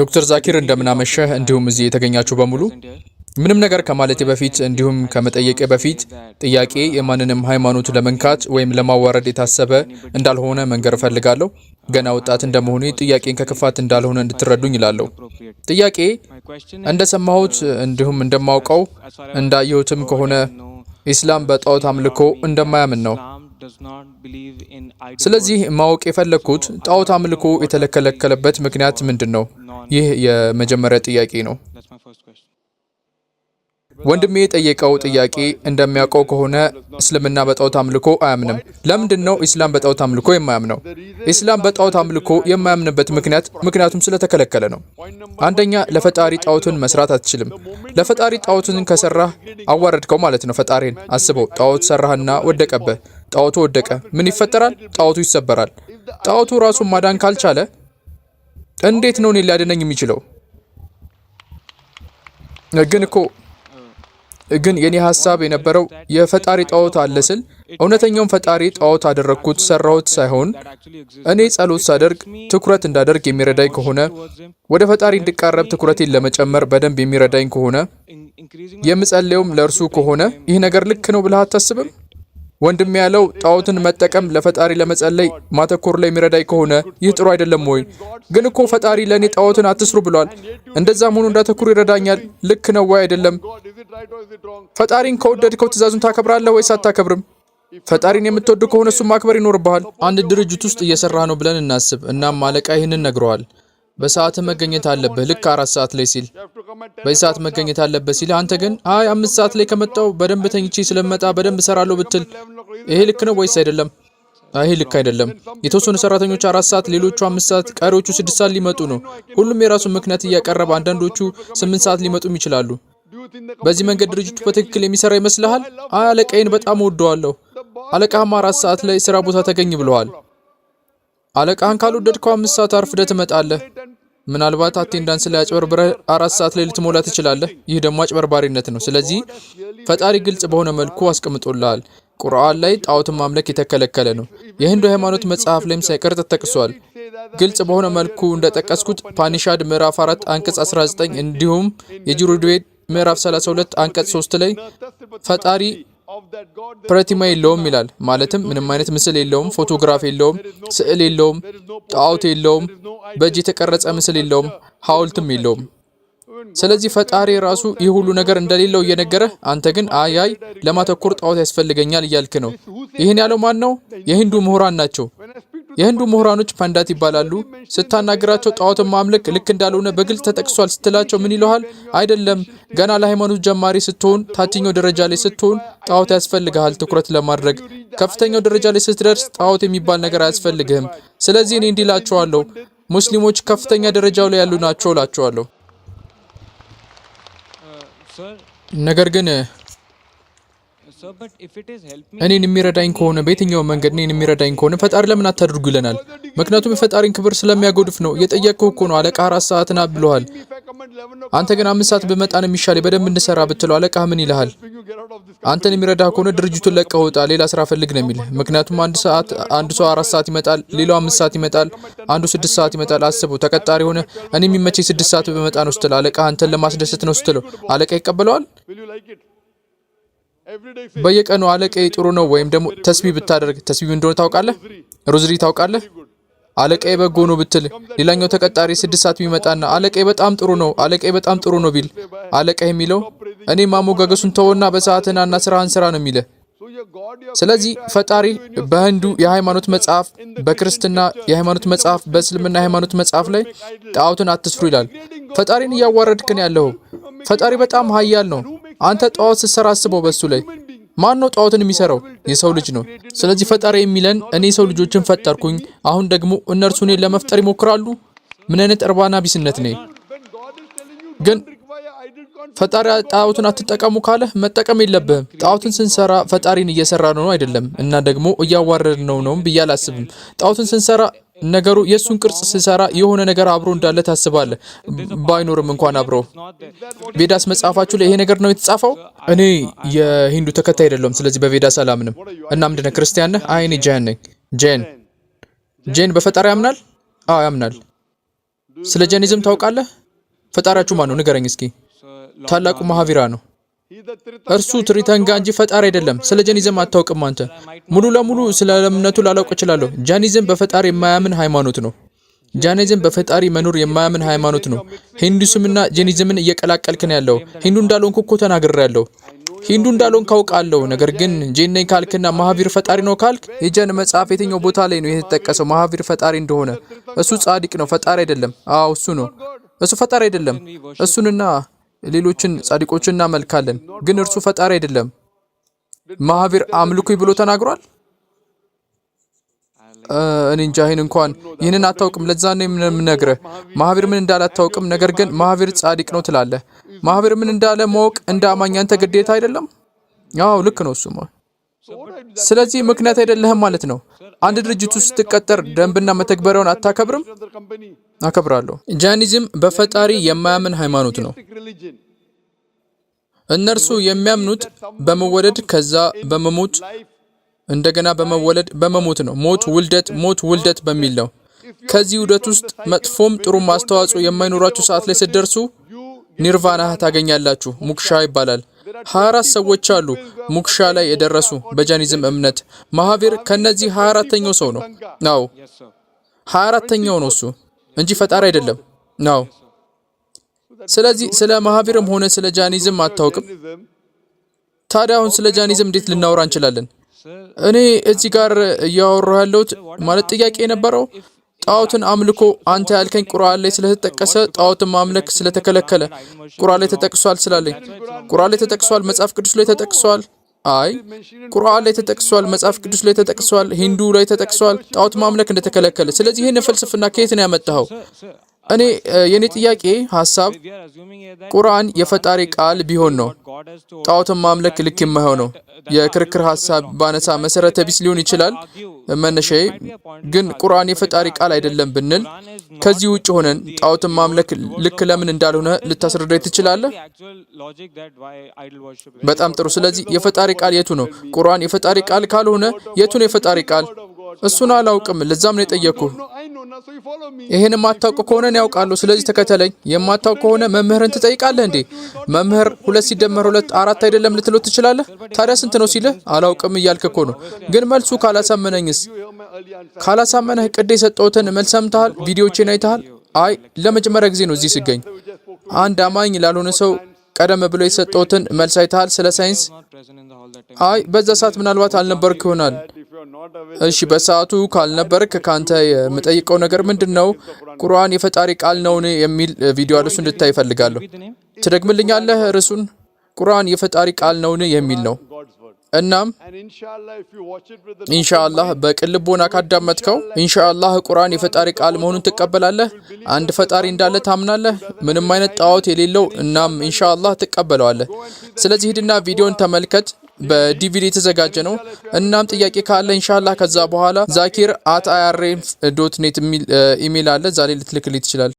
ዶክተር ዛኪር እንደምናመሸህ፣ እንዲሁም እዚህ የተገኛችሁ በሙሉ ምንም ነገር ከማለቴ በፊት እንዲሁም ከመጠየቄ በፊት ጥያቄ የማንንም ሃይማኖት ለመንካት ወይም ለማዋረድ የታሰበ እንዳልሆነ መንገር እፈልጋለሁ። ገና ወጣት እንደመሆኑ ጥያቄን ከክፋት እንዳልሆነ እንድትረዱኝ ይላለሁ ጥያቄ እንደሰማሁት እንዲሁም እንደማውቀው እንዳየሁትም ከሆነ ኢስላም በጣዖት አምልኮ እንደማያምን ነው። ስለዚህ ማወቅ የፈለግኩት ጣዖት አምልኮ የተለከለከለበት ምክንያት ምንድን ነው? ይህ የመጀመሪያ ጥያቄ ነው። ወንድሜ የጠየቀው ጥያቄ እንደሚያውቀው ከሆነ እስልምና በጣዖት አምልኮ አያምንም። ለምንድን ነው ኢስላም በጣዖት አምልኮ የማያምነው? ኢስላም በጣዖት አምልኮ የማያምንበት ምክንያት ምክንያቱም ስለተከለከለ ነው። አንደኛ ለፈጣሪ ጣዖትን መስራት አትችልም። ለፈጣሪ ጣዖትን ከሰራህ አዋረድከው ማለት ነው። ፈጣሪን አስበው። ጣዖት ሰራህና ወደቀብህ። ጣዖቱ ወደቀ፣ ምን ይፈጠራል? ጣዖቱ ይሰበራል። ጣዖቱ ራሱን ማዳን ካልቻለ እንዴት ነው እኔ ሊያድነኝ የሚችለው? ግን እኮ ግን የኔ ሀሳብ የነበረው የፈጣሪ ጣዖት አለ ስል እውነተኛውን ፈጣሪ ጣዖት አደረግኩት ሰራሁት ሳይሆን እኔ ጸሎት ሳደርግ ትኩረት እንዳደርግ የሚረዳኝ ከሆነ ወደ ፈጣሪ እንድቃረብ ትኩረቴን ለመጨመር በደንብ የሚረዳኝ ከሆነ የምጸለየውም ለእርሱ ከሆነ ይህ ነገር ልክ ነው ብለህ አታስብም? ወንድም ያለው ጣዖትን መጠቀም ለፈጣሪ ለመጸለይ ማተኮር ላይ የሚረዳኝ ከሆነ ይህ ጥሩ አይደለም ወይ? ግን እኮ ፈጣሪ ለእኔ ጣዖትን አትስሩ ብሏል። እንደዛም ሆኖ እንዳተኩር ይረዳኛል። ልክ ነው ወይ አይደለም? ፈጣሪን ከወደድከው ትእዛዙን ታከብራለህ ወይስ አታከብርም? ፈጣሪን የምትወድ ከሆነ እሱም ማክበር ይኖርብሃል። አንድ ድርጅት ውስጥ እየሰራ ነው ብለን እናስብ። እናም አለቃ ይህንን ነግረዋል። በሰዓት መገኘት አለብህ፣ ልክ አራት ሰዓት ላይ ሲል በዚህ ሰዓት መገኘት አለበት ሲል አንተ ግን አይ አምስት ሰዓት ላይ ከመጣው በደንብ ተኝቼ ስለመጣ በደንብ እሰራለሁ ብትል ይሄ ልክ ነው ወይስ አይደለም? ይሄ ልክ አይደለም። የተወሰኑ ሰራተኞች አራት ሰዓት፣ ሌሎቹ አምስት ሰዓት፣ ቀሪዎቹ ስድስት ሰዓት ሊመጡ ነው። ሁሉም የራሱን ምክንያት እያቀረበ፣ አንዳንዶቹ ስምንት ሰዓት ሊመጡም ይችላሉ። በዚህ መንገድ ድርጅቱ በትክክል የሚሰራ ይመስልሃል? አይ አለቃዬን በጣም ወደዋለሁ። አለቃህም አራት ሰዓት ላይ ስራ ቦታ ተገኝ ብለዋል። አለቃህን ካልወደድከው አምስት ሰዓት አርፍደህ ትመጣለህ። ምናልባት አቴንዳንስ ላይ አጭበርብረህ አራት ሰዓት ላይ ልትሞላ ትችላለህ። ይህ ደግሞ አጭበርባሪነት ነው። ስለዚህ ፈጣሪ ግልጽ በሆነ መልኩ አስቀምጦልሃል። ቁርአን ላይ ጣዖትን ማምለክ የተከለከለ ነው። የህንዱ ሃይማኖት መጽሐፍ ላይም ሳይቀር ተጠቅሷል። ግልጽ በሆነ መልኩ እንደጠቀስኩት ፓኒሻድ ምዕራፍ 4 አንቀጽ 19 እንዲሁም የጁሩድዌድ ምዕራፍ 32 አንቀጽ 3 ላይ ፈጣሪ ፕረቲማ የለውም ይላል። ማለትም ምንም አይነት ምስል የለውም፣ ፎቶግራፍ የለውም፣ ስዕል የለውም፣ ጣዖት የለውም፣ በእጅ የተቀረጸ ምስል የለውም፣ ሐውልትም የለውም። ስለዚህ ፈጣሪ ራሱ ይህ ሁሉ ነገር እንደሌለው እየነገረህ አንተ ግን አይ አይ ለማተኮር ጣዖት ያስፈልገኛል እያልክ ነው። ይህን ያለው ማን ነው? የሂንዱ ምሁራን ናቸው። የህንዱ ምሁራኖች ፓንዳት ይባላሉ። ስታናግራቸው ጣዖትን ማምለክ ልክ እንዳልሆነ በግልጽ ተጠቅሷል ስትላቸው ምን ይለሃል? አይደለም ገና ለሃይማኖት ጀማሪ ስትሆን፣ ታችኛው ደረጃ ላይ ስትሆን ጣዖት ያስፈልግሃል ትኩረት ለማድረግ። ከፍተኛው ደረጃ ላይ ስትደርስ ጣዖት የሚባል ነገር አያስፈልግህም። ስለዚህ እኔ እንዲህ እላቸዋለሁ፣ ሙስሊሞች ከፍተኛ ደረጃው ላይ ያሉ ናቸው እላቸዋለሁ። ነገር ግን እኔን የሚረዳኝ ከሆነ በየትኛውም መንገድ እኔን የሚረዳኝ ከሆነ ፈጣሪ ለምን አታድርጉ ይለናል። ምክንያቱም የፈጣሪን ክብር ስለሚያጎድፍ ነው። የጠየቅከው እኮ ነው። አለቃ አራት ሰዓት ና ብለዋል። አንተ ግን አምስት ሰዓት በመጣን የሚሻል በደንብ እንሰራ ብትለው አለቃህ ምን ይልሃል? አንተን የሚረዳ ከሆነ ድርጅቱን ለቀህ ሌላ ስራ ፈልግ ነው የሚል። ምክንያቱም አንድ ሰዓት አንዱ ሰው አራት ሰዓት ይመጣል፣ ሌላው አምስት ሰዓት ይመጣል፣ አንዱ ስድስት ሰዓት ይመጣል። አስበው ተቀጣሪ ሆነ እኔ የሚመቸኝ ስድስት ሰዓት በመጣ ነው ስትለው አለቃ አንተን ለማስደሰት ነው ስትለው አለቃ ይቀበለዋል? በየቀኑ አለቀይ ጥሩ ነው ወይም ደግሞ ተስቢ ብታደርግ ተስቢ እንደሆነ ታውቃለህ፣ ሩዝሪ ታውቃለህ። አለቃዬ በጎ ነው ብትል ሌላኛው ተቀጣሪ ስድስት ሰዓት ቢመጣና አለቃዬ በጣም ጥሩ ነው፣ አለቃዬ በጣም ጥሩ ነው ቢል አለቃ የሚለው እኔ ማሞጋገሱን ተወና በሰዓትህና ስራህን ስራ ነው የሚለ ስለዚህ ፈጣሪ በህንዱ የሃይማኖት መጽሐፍ፣ በክርስትና የሃይማኖት መጽሐፍ፣ በእስልምና የሃይማኖት መጽሐፍ ላይ ጣዖትን አትስሩ ይላል። ፈጣሪን እያዋረድክን ያለው ፈጣሪ በጣም ኃያል ነው። አንተ ጣዖት ስትሰራ አስበው። በሱ ላይ ማን ነው ጣዖትን የሚሰራው? የሰው ልጅ ነው። ስለዚህ ፈጣሪ የሚለን እኔ የሰው ልጆችን ፈጠርኩኝ፣ አሁን ደግሞ እነርሱ እኔን ለመፍጠር ይሞክራሉ። ምን አይነት እርባና ቢስነት ነ ግን ፈጣሪ ጣዖትን አትጠቀሙ ካለ መጠቀም የለብህም። ጣዖትን ስንሰራ ፈጣሪን እየሰራ ነው አይደለም፣ እና ደግሞ እያዋረድ ነው ነውም ብዬ አላስብም። ጣዖትን ስንሰራ ነገሩ የእሱን ቅርጽ ስሰራ የሆነ ነገር አብሮ እንዳለ ታስባለ፣ ባይኖርም እንኳን አብሮ። ቬዳስ መጽሐፋችሁ ላይ ይሄ ነገር ነው የተጻፈው? እኔ የሂንዱ ተከታይ አይደለሁም፣ ስለዚህ በቬዳስ አላምንም። እና ምንድነ ክርስቲያን ነህ? አይ እኔ ጃን ነኝ። ጄን ጄን በፈጣሪ ያምናል? አዎ ያምናል። ስለ ጀኒዝም ታውቃለህ? ፈጣሪያችሁ ማን ነው? ንገረኝ እስኪ። ታላቁ ማሃቪራ ነው። እርሱ ትሪተንጋ እንጂ ፈጣሪ አይደለም። ስለ ጃኒዝም አታውቅም አንተ። ሙሉ ለሙሉ ስለ እምነቱ ላላውቅ እችላለሁ። ጃኒዝም በፈጣሪ የማያምን ሃይማኖት ነው። ጃኒዝም በፈጣሪ መኖር የማያምን ሃይማኖት ነው። ሂንዱስምና ጃኒዝምን እየቀላቀልክን ያለው ሂንዱ እንዳልሆንኩ እኮ ተናግሬያለሁ። ሂንዱ እንዳልሆንክ አውቃለሁ። ነገር ግን ጄን ነኝ ካልክና ማሀቪር ፈጣሪ ነው ካልክ የጀን መጽሐፍ የትኛው ቦታ ላይ ነው የተጠቀሰው ማሀቪር ፈጣሪ እንደሆነ? እሱ ጻድቅ ነው፣ ፈጣሪ አይደለም። አዎ እሱ ነው። እሱ ፈጣሪ አይደለም። እሱንና ሌሎችን ጻድቆችን እናመልካለን፣ ግን እርሱ ፈጣሪ አይደለም። ማህቢር አምልኩ ብሎ ተናግሯል። እኔ እንጃ ይህን እንኳን ይህንን አታውቅም። ለዛ ነው የምነግርህ ማህቢር ምን እንዳለ አታውቅም። ነገር ግን ማህቢር ጻድቅ ነው ትላለህ። ማህቢር ምን እንዳለ ማወቅ እንደ አማኝ አንተ ግዴታ አይደለም? አዎ ልክ ነው እሱማ ስለዚህ ምክንያት አይደለህም ማለት ነው። አንድ ድርጅት ውስጥ ስትቀጠር ደንብና መተግበሪያውን አታከብርም? አከብራለሁ። ጃኒዝም በፈጣሪ የማያምን ሃይማኖት ነው። እነርሱ የሚያምኑት በመወለድ ከዛ በመሞት እንደገና በመወለድ በመሞት ነው። ሞት ውልደት፣ ሞት ውልደት በሚል ነው። ከዚህ ውደት ውስጥ መጥፎም ጥሩም አስተዋጽኦ የማይኖራችሁ ሰዓት ላይ ስትደርሱ ኒርቫና ታገኛላችሁ። ሙክሻ ይባላል። 24 ሰዎች አሉ ሙክሻ ላይ የደረሱ በጃኒዝም እምነት። ማሃቪር ከነዚህ 24ተኛው ሰው ነው። ናው 24ተኛው ነው እሱ እንጂ ፈጣሪ አይደለም። ናው ስለዚህ ስለ ማሃቪርም ሆነ ስለ ጃኒዝም አታውቅም። ታዲያ አሁን ስለ ጃኒዝም እንዴት ልናወራ እንችላለን? እኔ እዚህ ጋር እያወራ ያለሁት ማለት ጥያቄ የነበረው ጣዖትን አምልኮ አንተ ያልከኝ ቁርአን ላይ ስለተጠቀሰ ጣዖትን ማምለክ ስለተከለከለ ቁርአን ላይ ተጠቅሷል ስላለኝ ቁርአን ላይ ተጠቅሷል፣ መጽሐፍ ቅዱስ ላይ ተጠቅሷል። አይ ቁርአን ላይ ተጠቅሷል፣ መጽሐፍ ቅዱስ ላይ ተጠቅሷል፣ ሂንዱ ላይ ተጠቅሷል ጣዖት ማምለክ እንደተከለከለ። ስለዚህ ይህን ፍልስፍና ከየት ነው ያመጣኸው? እኔ የኔ ጥያቄ ሀሳብ ቁርአን የፈጣሪ ቃል ቢሆን ነው ጣዖትን ማምለክ ልክ የማይሆነው የክርክር ሀሳብ ባነሳ መሰረተ ቢስ ሊሆን ይችላል። መነሻዬ ግን ቁርአን የፈጣሪ ቃል አይደለም ብንል ከዚህ ውጭ ሆነን ጣዖትን ማምለክ ልክ ለምን እንዳልሆነ ልታስረዳ ትችላለህ? በጣም ጥሩ። ስለዚህ የፈጣሪ ቃል የቱ ነው? ቁርአን የፈጣሪ ቃል ካልሆነ የቱ ነው የፈጣሪ ቃል? እሱን አላውቅም። ለዛም ነው የጠየቅኩ። ይህን የማታውቅ ከሆነ እኔ ያውቃለሁ፣ ስለዚህ ተከተለኝ። የማታውቅ ከሆነ መምህርን ትጠይቃለህ እንዴ? መምህር ሁለት ሲደመር ሁለት አራት አይደለም ልትሎ ትችላለህ። ታዲያ ስንት ነው ሲልህ አላውቅም እያልክ እኮ ነው። ግን መልሱ ካላሳመነኝስ? ካላሳመነህ ቅድ የሰጠሁትን መልስ ሰምተሃል? አይተሃል? አይ ለመጀመሪያ ጊዜ ነው እዚህ ስገኝ። አንድ አማኝ ላልሆነ ሰው ቀደም ብሎ የሰጠሁትን መልስ አይተሃል? ስለ ሳይንስ አይ በዛ ሰዓት ምናልባት አልነበርክ ይሆናል እሺ በሰዓቱ ካልነበርክ ከአንተ የምጠይቀው ነገር ምንድን ነው? ቁርአን የፈጣሪ ቃል ነውን? የሚል ቪዲዮ አለ፣ እንድታይ ይፈልጋለሁ። ትደግምልኛለህ? ርዕሱን ቁርአን የፈጣሪ ቃል ነውን? የሚል ነው። እናም ኢንሻአላህ በቅልቦና ካዳመጥከው ኢንሻአላህ ቁርአን የፈጣሪ ቃል መሆኑን ትቀበላለህ። አንድ ፈጣሪ እንዳለ ታምናለህ፣ ምንም አይነት ጣዖት የሌለው እናም ኢንሻአላህ ትቀበለዋለህ። ስለዚህ ሂድና ቪዲዮን ተመልከት። በዲቪዲ የተዘጋጀ ነው። እናም ጥያቄ ካለ ኢንሻላ ከዛ በኋላ ዛኪር አት አይአርኤፍ ዶት ኔት የሚል ኢሜይል አለ። ዛሬ ልትልክልኝ ትችላል።